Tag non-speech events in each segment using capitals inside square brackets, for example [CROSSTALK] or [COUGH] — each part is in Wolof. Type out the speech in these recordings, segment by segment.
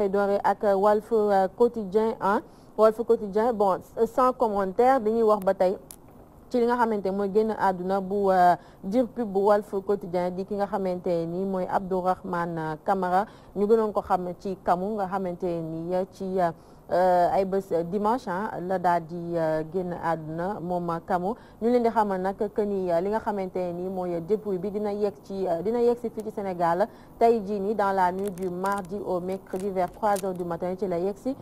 tey doore ak Walf euh, Quotidien ah Walf Quotidien bon sans commentaire dañuy wax ba tey ci li nga xamante mooy génn àdduna bu euh, dir pub bu Walf Quotidien di ki nga xamante ni mooy Abdourahmane Camara ñu gënoon ko xam ci kamu nga xamante ni ci euh, Euh, ay bés euh, dimanche la daal di euh, génn àdduna moom Kamo ñu leen di xamal nag que ni li nga xamante ni mooy dépouille bi dina yegg ci dina yegg si fii ci Sénégal tey jii nii dans la nuit du mardi au mercredi vers 3 heures du matin ci la yegg si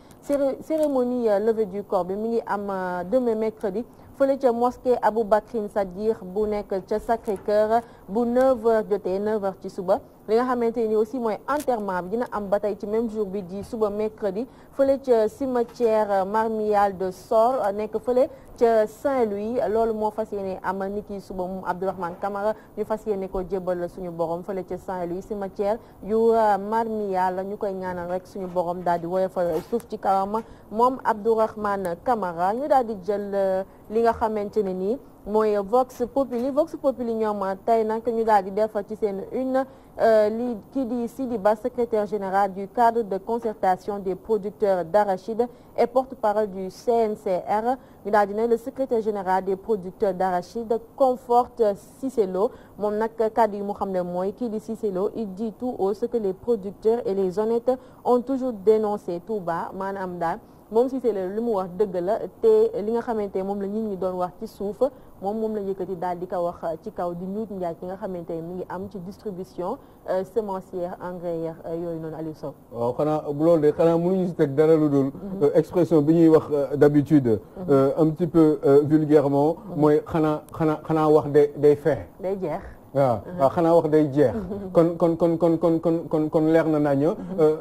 cérémonie levée du corps bi mi ngi am demain mercredi. fële ca mosquée Aboubakrine Sadikh bu nekk ca Sacré-Cœur bu 9h jotee 9h ci suba. li nga xamante ni aussi mooy enterrement bi dina am ba tey ci même jour bi di suba mercredi fële ca cimetière euh, marmial de Sor euh, nekk fële ca Saint-Louis loolu moo fas yéene am a ni ki suba moom Abdourahmane Camara ñu fas yéene ko jébbal suñu borom fële ca Saint-Louis cimetière yu euh, marmial ñu koy ñaanal rek suñu borom daal di woyofal suuf ci kawam moom Abdourahmane Camara ñu daal di jël li nga xamante ne nii mooy Vox Populi Vox Populi ñoom tey nag ñu daal di def ci seen une. Euh, li kii di Sidi Ba secrétaire général du cadre de concertation des producteurs d'arachide et porte-parole du CNCR ñu daal di ne le secrétaire général des producteurs d'arachide conforte Cissé Lo moom nag kàddu yi mu xam ne mooy kii di Cissé Lo il dit tout haut ce que les producteurs et les honnêtes ont toujours dénoncé tout bas maanaam daal moom si la li mu wax dëgg la te li nga xamante moom la nit ngi doon wax ci suuf moom moom la yëkkati daal di ko wax ci kaw di ñuut njaaj yi nga xamante mu ngi am ci distribution euh, semencière engrais euh, yooyu noonu Aliou Sow waaw xanaa loolu de xanaa mënuñu si teg dara lu dul mhm. euh, expression bi ñuy wax d'habitude mhm. un petit peu vulgairement mhm. mooy xanaa xanaa xanaa wax day day fexe day jeex waaw mhm. waaw xanaa wax day jeex mhm. kon kon kon kon kon kon kon kon leer na nañ mhm. euh,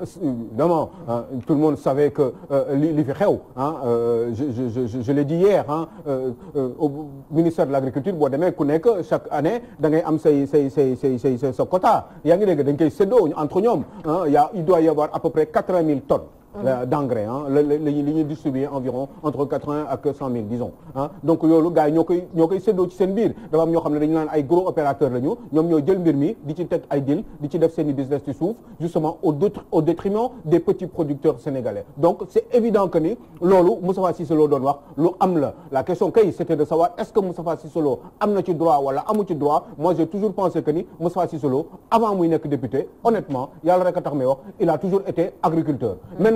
dama tout le monde savait que euh, li li xew ah je je je je l'ai dit hier ah au ministère de l'agriculture boo demee ku nekk chaque année da ngay am say say say say say sa quota yaa ngi dégg dañ koy séddoo entre ñoom ah y a il doit y avoir à peu près mille tonnes. Euh, d' engrais ah la la li ñuy distribuer environ entre quatre-vingt ak cent disons donc loolu gars yi ñoo koy ñoo koy séddoo ci seen biir dafa am ñoo xam ne dañu ay gros opérateurs la ñu ñoom ñoo jël mbir mi di ci teg ay di ci def seen i business au détriment des petits producteurs sénégalais donc c' évident que ni loolu Moustapha Cissé Lo doon wax lu am la la question kay c' était de savoir est ce que Moustapha Cissé Lo am na ci droit wala amu ci droit moi j'ai toujours pensé que ni Moustapha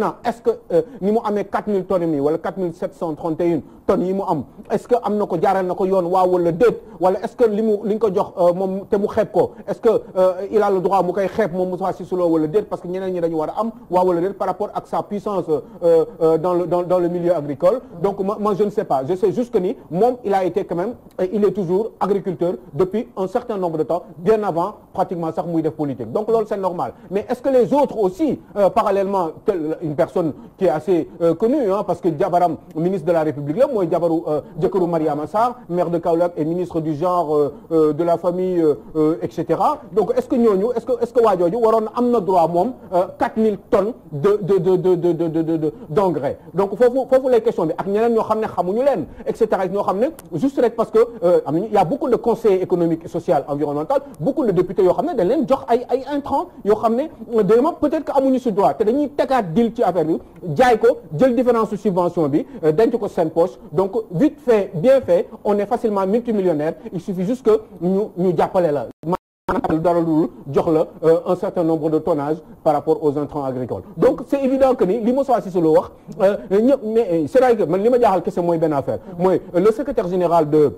an est-ce que euh, ni mu amee 4000 tonnes mi wala mu am est-ce que am na ko jaaral na ko yoon waaw wala déet wala est-ce que li mu jox euh, moom te mu xeeb ko est-ce que euh, il a le droit mu koy xeeb moom Moussa Cissé Lo wala parce que ñeneen ñi dañu war a am waaw wala déet par rapport ak sa puissance dans le dans dans le milieu agricole. donc ma je ne sais pas je ni moom il a été quand même il est toujours agriculteur depuis un certain nombre de temps bien avant. pratiquement sax muy def politique donc loolu c'est normal mais est-ce que les autres aussi euh, parallèlement telle une personne qui est assez euh, connue hein, parce que jabaram ministre de la République la mooy jabaru euh, jëkkëru Mariama Sarr maire de Kaolack et ministre du genre euh, euh, de la famille et donc est-ce que de de xam ne xamuñu leen et cetera ñoo juste rek parce que am nañu y a beaucoup de conseils économiques et social environnemental beaucoup de députés yoo xam ne dañ leen jox ay a intrants yoo xam ne dama peut-être que amuñu si droit te dañuy tegaat deal ci affaire bi jaay ko jël différence su subvention bi euh, denc ko seen poche donc vite fait bien fait on est facilement multimillionnaire il suffit juste que ñu ñu jàppale la maanaam dara lu jox la euh, un certain nombre de tonnages par rapport aux intrants agricoles donc c'est évident que ni li Moussa Cissé Lo wax euh, ñëpp mais c'est vrai que man li ma jaaxal kese mooy benn affaire mooy le secrétaire général de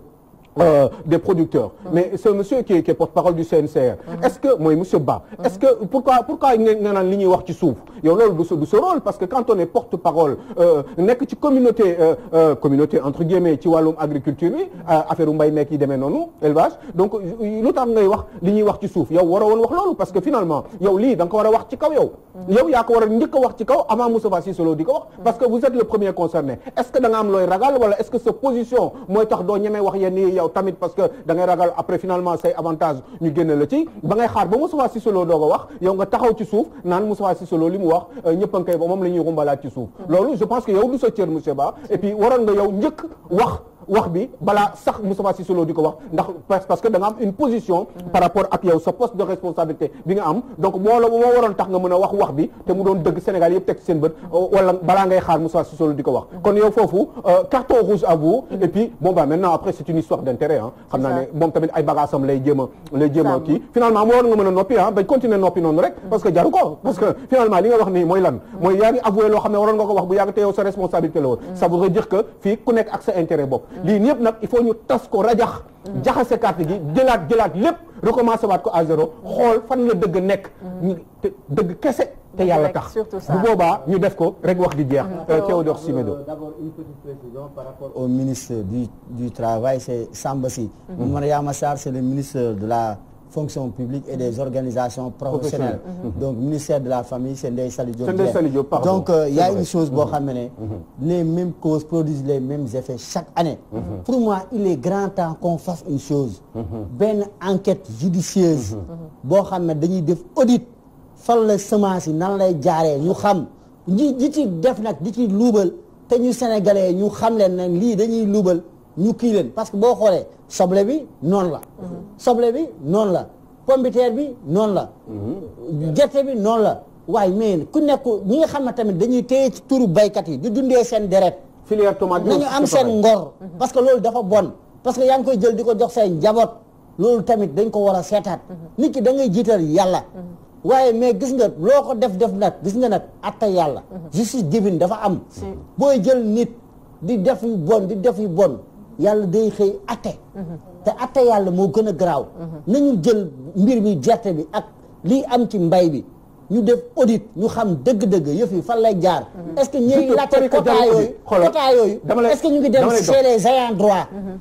euh, des producteurs. mais ce monsieur qui est ce que mooy monsieur Ba. est-ce que pourquoi pourquoi li ñuy wax ci suuf yow loolu du sa rôle parce que quand on est porte-parole euh, nekk ci euh, euh, communauté entre guillemets ci wàllum agriculture bi affaire mbay meek yi demee noonu élevage donc lu tax ngay wax li ñuy wax ci suuf yow waroon wax loolu parce que finalement yow lii da ko war a wax ci kaw yow. Mm. yaa ko war a njëkk wax ci kaw avant Moustapha Cissé Lo di ko wax. Mm. yow tamit parce que da ragal après finalement say avantage ñu génne la ci ba xaar ba Moustapha Cissé Lo doog a wax yow nga taxaw ci suuf naan Moustapha Cissé Lo li mu wax euh, ñëpp a ngi moom la ñuy rumbalaat ci suuf mm-hmm. loolu je pense que yow du sa cër monsieur Ba et puis waroon nga yow njëkk wax wax bi balaa sax Moustapha Cissé Lo di ko wax ndax parce que da am une position par rapport ak yow sa poste de responsabilité bi nga am donc moo waroon tax nga mën a wax wax bi te mu doon dëgg Sénégal yëpp teg seen bët euh, wala balaa ngay xaar Moustapha Cissé Lo di ko wax mm-hmm. kon yow foofu euh, carton rouge à mm-hmm. et puis bon bah maintenant après c'est une histoire d'intérêt ah xam naa ne moom tamit ay bagaasam lay jéem a a finalement moo waroon nga mën a noppi ah bañ continuer noppi noonu rek parce que jaru mm-hmm. sa responsabilité la lii ñëpp nag il faut ñu tas ko rajax jaxase carte gi jëlaat jëlaat lépp recommencé waat ko à xool fan la dëgg nekk dëgg kese te yàlla tax bu boobaa ñu def ko rek wax di jeex mm-hmm. euh, Théodore Simédo euh, d'abord une petite précision par rapport au ministre du du travail c'est Samba Sy Mariama mm-hmm. Sarr c'est le ministre de la fonction publique et des organisations professionnelles. Mhm. donc ministère de la famille c'est Ndeye Saly Diop. donc euh, il une chose boo mhm. xam ne mhm. les mêmes causes produisent les mêmes effets chaque année. pour moi il est grand temps qu'on fasse une chose. benn enquête judicieuse. boo xam ne dañuy def audit fan la semence yi nan lay jaaree ñu xam ñi di ci def nag di ci luubal te ñu sénégalais ñu xam leen lii dañuy luubal. ñu kii leen parce que boo xoolee soble bi noonu la mhm. soble bi noonu la pombiteer bi noonu la mhm. gerte bi noonu la waaye mais ku nekk ñi nga xam ne tamit dañuy téye ci turu baykat yi di dundee seen deret filière tomate nañu am seen ngor mhm. parce que loolu dafa bon parce que yaa ngi koy jël di ko jox seen njaboot loolu tamit dañ ko war a seetaat nit ki da ngay jiital yàlla waaye mais gis nga loo ko def def nag gis nga nag at atta yàlla justice divine dafa am booy jël nit di def yu bon di def yu bon yàlla day xëy atte te atte yàlla moo gën a garaaw nañu jël mbir mi gerte bi ak lii am ci mbay bi ñu def audit ñu xam dëgg-dëgg yëf yi fan lay jaar est-ce que ñu laajte quota yooyu quota yooyu est-ce que ñu ngi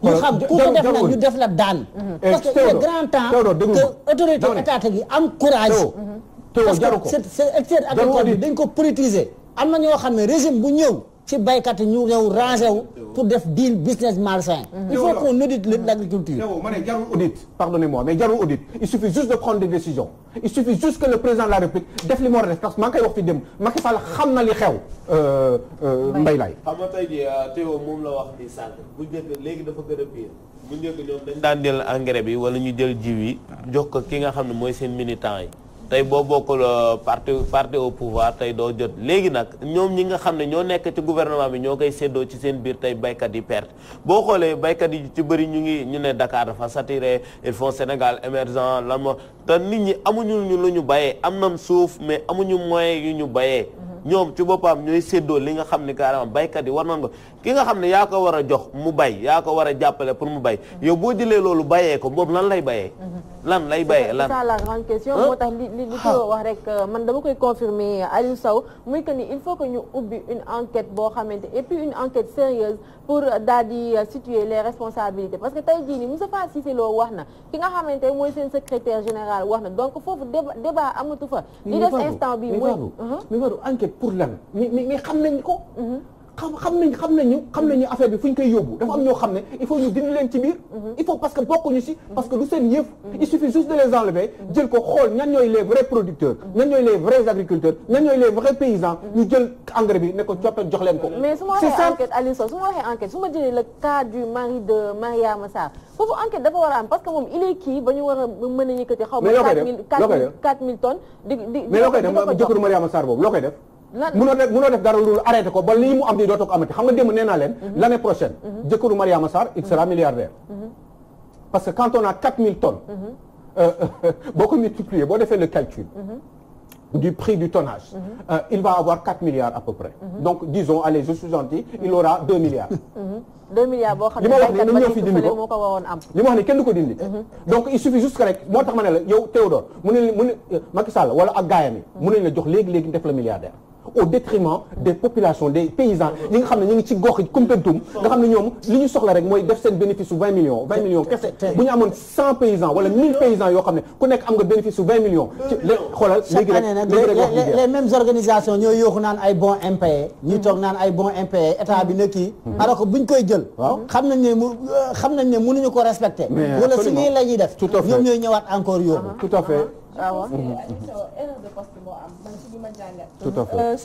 ñu xam ku ko def def la daan mm-hmm. eh, parce que il est grand temps que autorité étatique yi am courage mm-hmm. parce que secteur agricole bi dañ ko politiser am na ñoo xam ne régime bu ñëw ci baykat ñu réew rangé wu pour def deal business malsain mm-hmm. il faut qu'on audite l'agriculture ma ne jarul audit pardonnez-moi mais jarul audit il suffit juste de prendre des décisions il suffit juste que le président de la République def li mu a def parce que maa ngi wax fi dem Macky Sall xam na li xew euh, euh, mbay laay xam nga tey euh, moom la wax bu léegi dafa gën a dañ daan jël engrais bi wala ñu jël jiw yi jox ko ki nga xam ne mooy seen militant yi tey boo bokkul euh, parti parti au pouvoir tey doo jot léegi nag ñoom ñi nga xam ne ñoo nekk ci gouvernement bi ñoo koy séddoo ci seen biir tey baykat yi perte boo xoolee baykat yi ci bëri ñu ngi ñu ne Dakar dafa saturé ils font Sénégal émergent lan moo te nit ñi amuñu ñu lu ñu bayee am nam suuf mais amuñu moyen yu ñu bayee mhm. ñoom ci boppam ñooy séddoo li nga xam ne carrément baykat yi war nañ ko ki nga xam ne yaa ko war a jox mu bay yaa ko war a jàppale pour mu bay yow boo jëlee loolu bayee ko boobu lan lay bayee lan lay bayee lan c'est ça la grande question moo tax li li li ko ah. wax rek euh, man dama koy confirmer Aliou Sow muy que ni il faut que ñu ubbi une enquête boo xamante et puis une enquête sérieuse pour daal di euh, situer les responsabilités parce que tey jii ni Moustapha Cissé Lo wax na ki nga xamante mooy seen secrétaire général wax na donc foofu débat amatu fa li des instant bi mooy uh-huh. mais waru enquête pour lan mais mais xam nañ ko mm-hmm. xam xam nañ xam nañu xam nañu bi fu ñu koy yóbbu dafa am ñoo xam ne il faut ñu dindi leen ci biir mhm. il faut parce que bokkuñu si mhm. parce que du seen yëf mhm. il suffit juste de les enlever jël ko xool ñan ñooy les vrais producteurs ñan ñooy les vrais agriculteurs ñan ñooy les vrais paysans ñu jël engrais bi ne ko ko mais su ma waxee enquête su ma waxee enquête du mari de Mariama Sarr foofu enquête dafa war a am parce que moom il est ba ñu war a mën a yëkkati xaw Mariama Sarr boobu loo koy mënoo def mënoo def dara loolu arrêté ko ba lii mu am nii dootoo ko amati xam nga démb nee naa leen mhm. l' année prochaine mhm. jëkkëru Mariama Sarr il sera mhm. milliardaire parce que quand on a 4000 tonnes euh, [LAUGHS] boo ko multiplier boo defee le calcul du prix du tonnage euh, il va avoir 4 milliards à peu près donc disons allez je suis gentil il aura 2 milliards 2 [LAUGHS] milliards boo xam ne li ma wax ni ñoom ñoo fi dindi ko moo ko waroon am li ma wax ni kenn du ko dindi donc il suffit juste que rek moo tax ma ne la yow Théodore mu ne mu ne euh, Macky Sall wala ak gaayam yi mu ne la jox léegi léegi def la milliardaire au détriment des populations des paysans ñi nga xam ne ñu ngi ci gox yi Koumpentoum nga xam ne ñoom li ñu soxla rek mooy def seen bénéfice su 20 millions bu ñu amoon 100 paysans wala 1000 paysans yoo xam ne ku nekk am nga bénéfice su 20 millions les mêmes organisations ñooy yooxu naan ay bons impayés ñuy mm-hmm. toog naan ay bons impayés état na kii mm-hmm. alors que buñ koy jël xam ne mu xam ne mënuñu ko respecter wala su ñuy la ñuy def ñoom ñooy ñëwaat encore yooxu waaw ah mhm, mhm. erreur de poste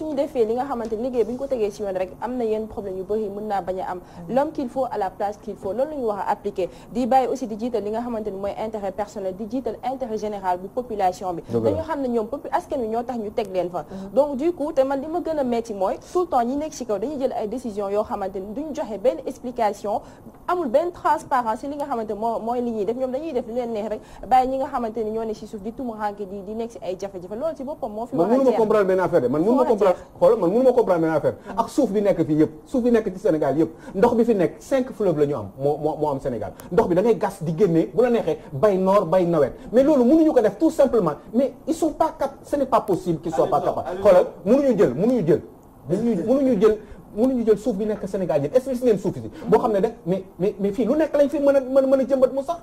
ñu euh, defee li nga xamante ni liggéey bi ñu ko tegee ci yoon rek am na yenn problème yu bëri mën naa bañ a am mhm. l'homme qu'il faut à la place qu'il faut loolu ñu war appliquer di bàyyi aussi di li nga xamante ni mooy intérêt personnel di jiital intérêt général bu population bi dañu xam ne ñoom popu askan wi ñoo tax ñu teg leen fa donc du coup te man li ma gën a metti mooy tout le temps ñi nekk ci kaw dañuy jël ay décision yoo xamante ni duñ joxe benn explication li nga xamante moo mooy li ñuy def ñoom ñoo ne xànke ji di nekk si ay jafe-jafe loolu si boppam moo fi man mënu ma benn affaire de man mënu ma benn affaire hmm. ak suuf bi nekk fii yëpp suuf bi nekk ci Sénégal yëpp ndox bi fi nekk cinq fleuve la ñu am moo am Sénégal ndox bi dangay gas di génnee bu la neexee bay noor bay nawet mais loolu mënuñu ko def tout simplement mais ils sont pas cap ce n'est pas possible qu'ils soient pas capables xoolal mënuñu jël mënuñu jël mënuñu jël mënuñu jël suuf bi nekk Sénégal yëpp est-ce que gis si boo xam ne de mais mais mais fii lu nekk lañ fi mën a mën a jëmbat mu sax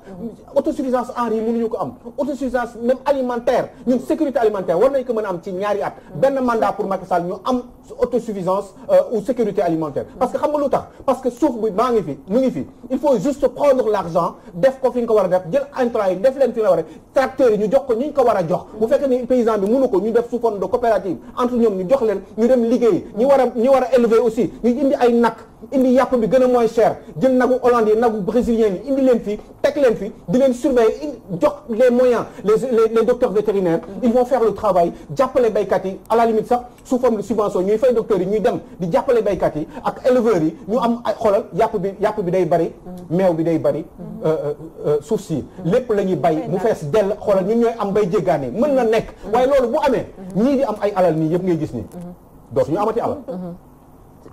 autosuffisance en riz mënuñu ko am autosuffisance même alimentaire ñun sécurité alimentaire war nañ ko mën a am ci ñaari at benn mandat pour Macky Sall ñu am autosuffisance euh, ou sécurité alimentaire parce que xam nga lu tax parce que suuf bi maa ngi fi mu ngi fi il faut juste prendre l'argent def ko nga ko war a def jël def leen fi nga war a tracteurs jox ko ñu ñu ko war a jox bu fekkee ni paysan bi mënu ko ñu def sous forme de coopérative entre ñoom ñu jox leen ñu dem liggéey ñi war a ñi war a aussi ñu indi ay nak indi yàpp bi gën a moins cher jël nagu Hollande yi nagu brésilien yi indi leen fii teg leen fi di leen surveiller jox les moyens les les docteurs vétérinaires ils vont faire le travail jàppale baykat yi à la limite sax sous forme de subvention ñuy fay docteurs yi ñuy dem di jàppale baykat yi ak éleveurs yi ñu am ay xoolal yàpp bi yàpp bi day bari meew bi day bari mm-hmm. euh, euh, euh, suuf si lépp la ñuy bay mu fees dell xoolal ñu ñooy am bay jéggaane mën na nekk waaye loolu bu amee mm-hmm. ñii di am ay alal yëpp ngay gis ni mm-hmm. dootu ñu amati alal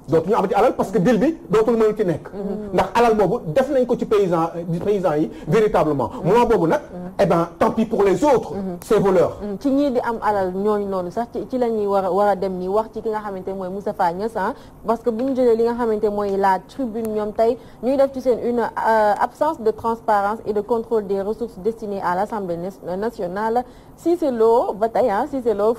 dootu ñu amati alal parce que dil bi dootul mën ci nekk ndax alal boobu def ko ci paysan euh, yi véritablement mm-hmm. moment boobu nag mm-hmm. eh tant pis pour les autres mm-hmm. ces voleurs ci ñii di am alal ñooñu noonu sax ci la ñuy war a war a dem nii wax ci ki nga xamante mooy Moustapha Niass ah, parce que bu ñu jëlee li nga xamante la tribune ñoom tey ñuy def ci seen une euh, absence de transparence et de contrôle des ressources destinées à l'Assemblée nationale Cissé Lo ba tey ah, Cissé Lo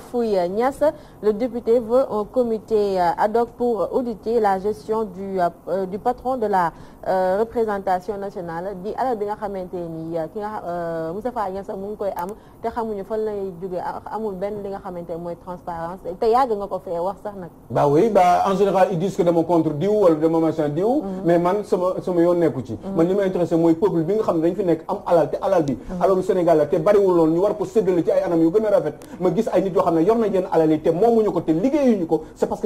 critiqué la gestion du euh, du patron de la euh, représentation nationale di alal bi nga xamante ni euh, ki nga euh, Moustapha mu ngi koy am te xamuñu fan lay jógee amul benn li nga xamante mooy transparence te yàgg nga ko fee wax sax nag. bah oui bah en général ils disent que dama contre diw wala dama machin diw. Mhm. mais man sama sama yoon nekku ci. Mhm. man li ma intéressé mooy peuple bi nga xam ne fi nekk am alal te alal bi. Mhm. alalu Sénégal la te bariwul loolu ñu war ko séddale ci ay anam a rafet ma gis ay nit yoo na yenn alal yi te moomuñu ko te liggéeyuñu ko c'est parce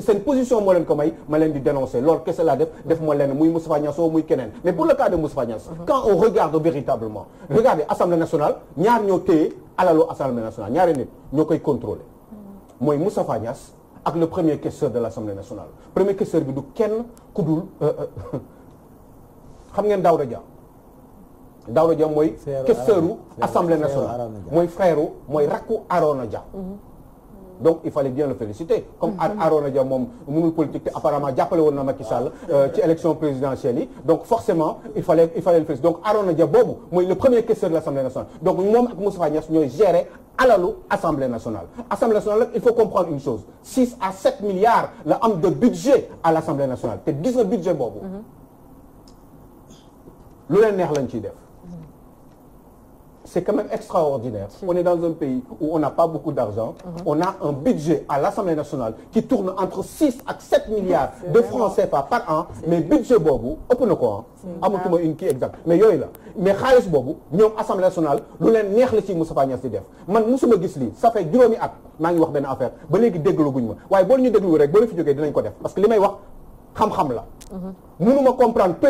leen di dénoncer loolu kese laa def def ma leen muy Moustapha Niasse muy keneen mais pour le cas de Moustapha Niasse mhm. quand on regarde véritablement mhm. regardez assemblée nationale ñaar ñoo téye alalu assemblée nationale ñaari nit ñoo koy contrôler mhm. mooy Moustapha Niasse ak le premier questeur de l'assemblée nationale premier questeur bi du kenn ku dul euh, euh, [LAUGHS] xam ngeen Daouda Dia Daouda Dia mooy questeuru assemblée nationale mooy frère mooy rakku Arona Dia donc il fallait bien le féliciter comme a Arona Dia moom mu ngi politique te apparemment jàppale woon na Macky Sall euh, ci élection présidentielle yi donc forcément il fallait il fallait le féliciter donc Arona Dia boobu mooy le premier questeur de l'Assemblée nationale donc moom ak Moustapha Niasse Assemblée nationale il faut comprendre une chose 6 à 7 milliards la am de budget à l'Assemblée nationale te gis nga budget mhm. neex lañ ciy def c'est quand même extraordinaire. On est dans un pays où on n'a pas beaucoup d'argent. Uh-huh. On a un budget à l'Assemblée nationale qui tourne entre 6 ak 7 milliards de francs CFA par an mais budget boobu ëpp na ko ah amatuma une kii exact mais yooyu la mais xaalis boobu ñoom Assemblée nationale lu leen neex la ci Moustapha Niasse di def man musuma gis lii ça fait juróomi at maa ngi wax benn affaire ba léegi dégluguñ ma waaye ñu déglu rek boo la fi jógee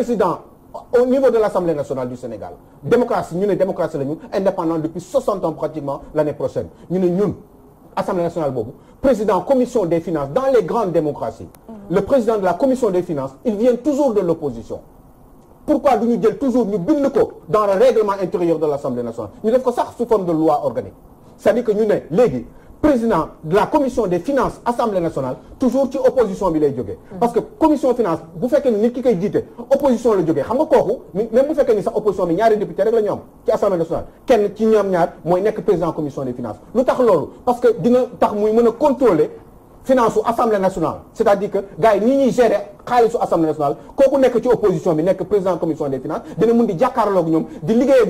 dinañ au niveau de l'Assemblée nationale du Sénégal démocratie ñu ne démocratie la ñu indépendant depuis 60 ans pratiquement l'année prochaine ñu ne ñun Assemblée nationale boobu président commission des finances dans les grandes démocraties le président de la commission des finances il vient toujours de l'opposition pourquoi du ñu jël toujours ñu bind dans le règlement intérieur de l'Assemblée nationale ñu def ko sax sous forme de président de la commission des finances assemblée nationale toujours ci opposition bi lay jógee. parce que commission finance bu fekkee ni nit ki koy jiite opposition la jógee xam nga kooku même bu fekkee ni sax opposition bi ñaari député rek la ñu ci assemblée nationale kenn ci ñoom ñaar mooy nekk président commission des finances lu tax loolu parce que dina tax muy mën a contrôler. finance su assemblée nationale cest que dina mun di jàkkaarloog ñoom di liggéey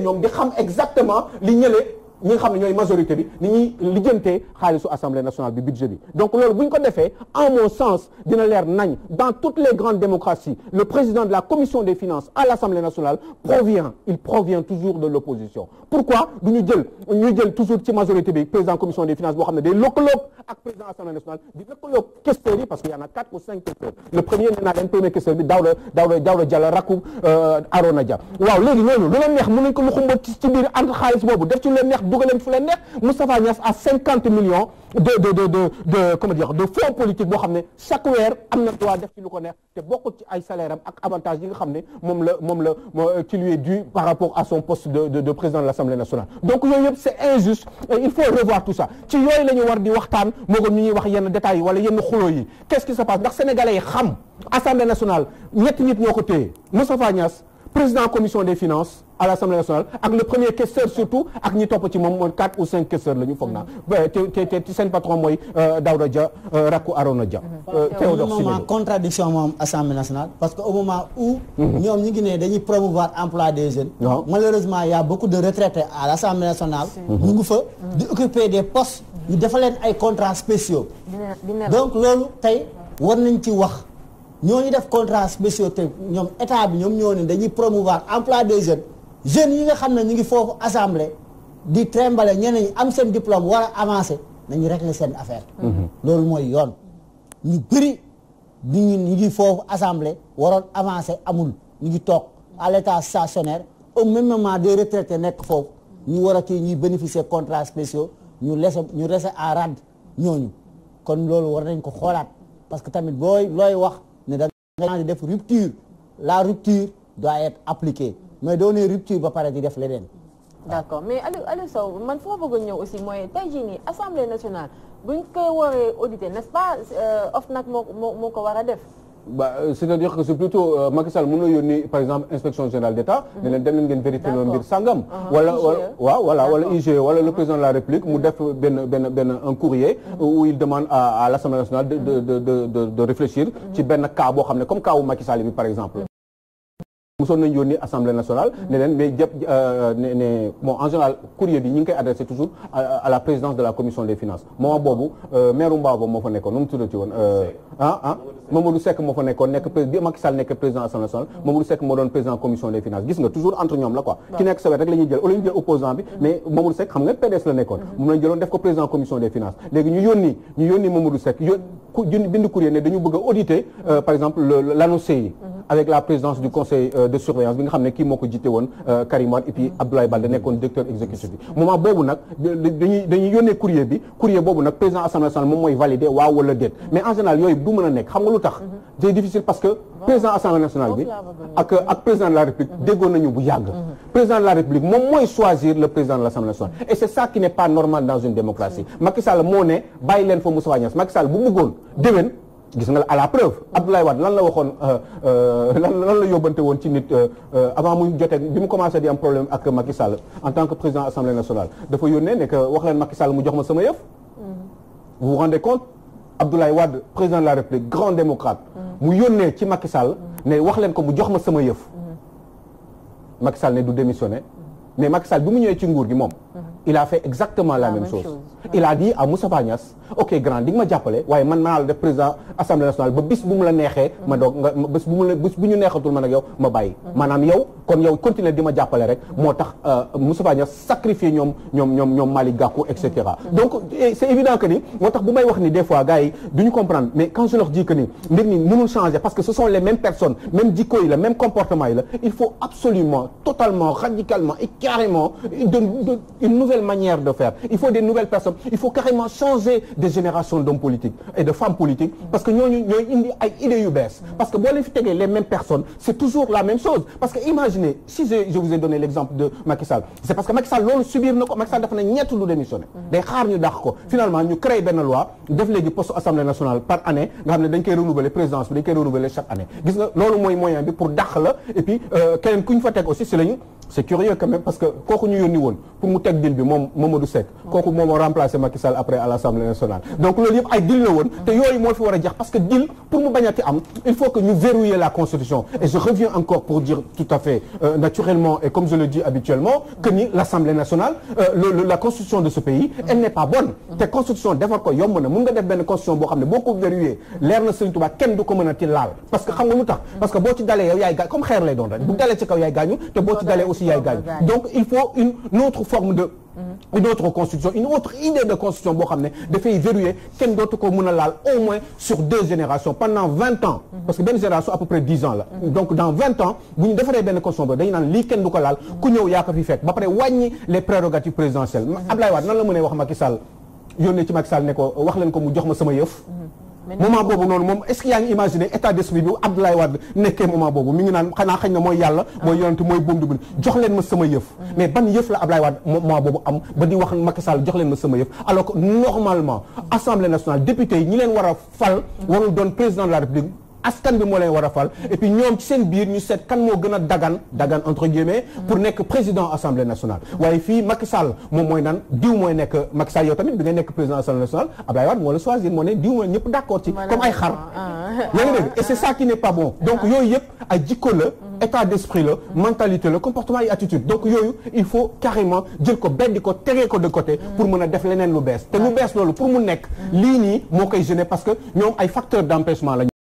ñi nga xam ne ñooy majorité bi ni ñuy lijjantee xaalisu assemblée nationale bi budget bi donc loolu bu ñu ko en mon sens dina leer nañ dans toutes les grandes démocraties le président de la commission des finances à l'assemblée nationale provient il provient toujours de l'opposition pourquoi du ñu jël ñu ak président assemblée nationale di lëkkaloog questeurs parce que y en a quatre ou cinq questeurs le premier nee naa leen premier questeur bi Daouda euh, dugaleen fu leen neex Moustapha Niass à cinquante millions de de de de de fonds politique boo xam ne chaque am na droit def lu ko neex te bokkul ay salaire ak avantage yi nga xam ne moom la moom la euh, qui lui est dû par rapport à son poste de de de président de l'Assemblée nationale donc yooyu yëpp c'est injuste et il faut revoir tout ça ci yooyu la ñu war di waxtaan moo gën ñu ñuy wax yenn détails yi wala yenn xuloo yi qu'est-ce qui se passe ndax sénégalais yi xam Assemblée nationale ñetti nit ñoo président commission des finances à l'Assemblée nationale ak le premier questeur surtout ak ñi topp ci moom moom quatre ou cinq questeurs la ñu foog naa mm-hmm. te te seen patron mooy euh, Daouda Dia euh, rakku mm-hmm. euh, contradiction moom Assemblée nationale parce que au moment mm-hmm. ñoom ñi ngi ne dañuy promouvoir emploi des jeunes malheureusement y a beaucoup de retraités à l'Assemblée nationale ñu ngi fa di occuper des postes ñu dafa leen ay contrats spéciaux donc loolu tey war nañ ci wax ñoo ñu def contrat spéciaux te ñoom état bi ñoom ñoo ne dañuy promouvoir emploi des jeune jeunes yi nga xam ne ñu ngi foofu assemblée di trembale ñeneen am seen diplôme war a avancer nañu régler seen affaire. Mhm. loolu mooy yoon ñu bëri ñu ñu ngi foofu assemblée waroon avancer amul ñu ngi toog à l'état stationnaire au même moment des nekk foofu ñu war a kii ñuy bénéficier contrat spéciaux ñu lese ñu rese à rade ñooñu kon loolu war nañ ko xoolaat nga di def rupture la rupture doit être appliquée mais doo ne rupture ba pare di def leneen. d'accord mais Aliou Aliou Sow man foo bëgg a ñëw aussi mooy tey jii nii assemblée nationale buñ koy waree auditer n'est-ce pas euh, OFNAC moo moo ko war a def. bah euh, c'est-à-dire que c'est plutôt euh, Macky Sall mën par exemple inspection générale d'État ne leen dem leen ngeen vérifier loolu mbir sàngam ah, ah, e. wala waaw voilà wala IGE wala le président de la République mu def benn benn benn un courrier mm-hmm. où il demande à, à l'Assemblée nationale de de de de, réfléchir ci mm-hmm. benn cas boo xam ne comme cas wu Macky Sall bi par exemple musoon nañu yónni assemblée nationale mm-hmm. ne leen mais jëpp euh, ne ne bon en général courrier bi ñu ngi koy adressé toujours à la présidence de la commission des finances moment boobu euh, maire Mbabo moo fa nekkoon nu mu tuddati woon euh, ah ah mm-hmm. Mamadou Seck moo doon président commission des finances gis nga toujours entre ñoom la quoi ki nekk sa rek la jël opposant bi mm-hmm. mais Mamadou Seck xam nga PDS la nekkoon moom lañu jëloon def ko président commission des finances léegi ñu yónni avec la présidence du conseil euh, de surveillance bi nga xam ne kii moo ko jiite woon euh, Karim Wade et puis mm-hmm. Abdoulaye Baldé nekkoon directeur exécutif bi moment boobu nag dañuy dañuy yónnee bi courrier boobu nag président assemblée nationale moom mooy valider waaw wala déet mm-hmm. mais en général yooyu du mën a nekk xam nga lu tax mm-hmm. c'est difficile parce que président assemblée nationale bi ak président de la république déggoon nañu bu yàgg président de la république gis nga la à la preuve Abdoulaye Wade lan la waxoon euh, euh, lan la yóbbante woon ci nit euh, avant muy jotee bi mu commencé di am problème ak Macky en tant que président assemblée nationale dafa yónnee ne que wax mu jox ma sama yëf. Mm-hmm. vous vous rendez compte Abdoulaye Wade président de la République grand démocrate. Mm-hmm. mu yónnee ci Macky Sall. Mm-hmm. ne wax leen ko mu jox ma sama yëf. Macky ne du démissionné mais Macky Sall bi mu ñëwee ci nguur gi moom. il a fait exactement la, la même, même chose. il a dit à Moustapha Niasse ok grand di nga ma jàppale waaye man maa la def président assemblée nationale ba bis bu mu la neexee. ma doog bis bu ñu neexatul man ak yow ma bàyyi. Mm-hmm. maanaam yow kon yow continuer di ma jàppale rek moo tax euh, Moustapha Niasse sacrifié ñoom ñoom ñoom ñoom Malick Gakou et cetera. Mm-hmm. donc c' est évident que ni moo tax bu may wax ni des fois du ñu comprendre mais quand je que ni mbir mi mënul changer parce que ce sont les mêmes nouvelle manière de faire il faut des nouvelles personnes il faut carrément changer des générations d'hommes politiques et de femmes politiques parce que ñooñu ñooy indi ay idées yu bees parce que boo leen fi tegee les mêmes personnes c'est toujours la même chose parce que imaginez si je, je vous ai donné l'exemple de Macky Sall c'est parce que Macky Sall loolu subir na ko Macky Sall dafa ne ñett du démissionner day xaar ñu dàq ko finalement ñu créé benn loi def léegi poste assemblée nationale par année nga xam ne dañ koy renouveler présidence bi dañ koy renouveler chaque année gis nga loolu mooy moyen bi pour dàq la et puis euh, keneen ku ñu fa teg aussi si lañu c' curieux quand même parce que kooku ñu yónni woon pour mu teg dil bi moom Mamadou Seck kooku moom a remplacé Macky Sall après à nationale donc loolu yëpp ay dil la woon te yooyu moo fi war a parce que dil pour mu bañati am il faut que ñu verrouiller la constitution et je reviens encore pour dire tout à fait euh, naturellement et comme je le dis habituellement que ni l' nationale euh, la constitution de ce pays elle n'est pas bonne te constitution aussi yaay gaañ donc il faut une autre forme de mm-hmm. une autre constitution une autre idée de constitution boo xam ne dafay verrouiller kenn dootu ko mën a laal au moins sur deux générations pendant vingt ans mm-hmm. parce que benn génération à peu près dix ans la mm-hmm. donc dans vingt ans bu ñu defaree benn constitution bi dañu naan lii kenn du laal ku ñëw yaa ko fekk ba pare wàññi les prérogatives présidentielles Abdoulaye Wade nan la mënee wax Macky Sall yónnee ci Macky moment boobu noonu moom est-ce que yaa ngi imaginer état d'esprit bi Abdoulaye Wade nekkee moment boobu mi ngi naan xanaa xëy na mooy yàlla ah. mooy yonent mooy buum du jox ma sama yëf mm-hmm. mais ban yëf la Abdoulaye Wade moment boobu am ba di wax Macky Sall jox ma sama yëf alors que normalement mm-hmm. assemblée nationale député ñi leen war a fal mm-hmm. warul doon président de la république askan bi moo leen war a fal et ñoom ci seen biir ñu seet kan moo gën a dagan dagan entre guillemets pour nekk président assemblée nationale waaye fii Macky Sall moom mooy nan diw mooy nekk Macky Sall yow tamit bi nga nekk président assemblée nationale Abdoulaye Wade moo la choisir moo ne diw mooy ñëpp d'accord ci comme ay xar yaa ngi dégg ah. ah. yooyu yëpp ay jikko la mm-hmm. état d'esprit la mm-hmm. mentalité la comportement et attitude donc yooyu il faut carrément jël ko beddi ko tegee ko de côté mm. mën a def leneen lu bees te lu bees loolu nekk mm. lii nii moo koy gêner parce que ñoom ay facteurs d'empêchement la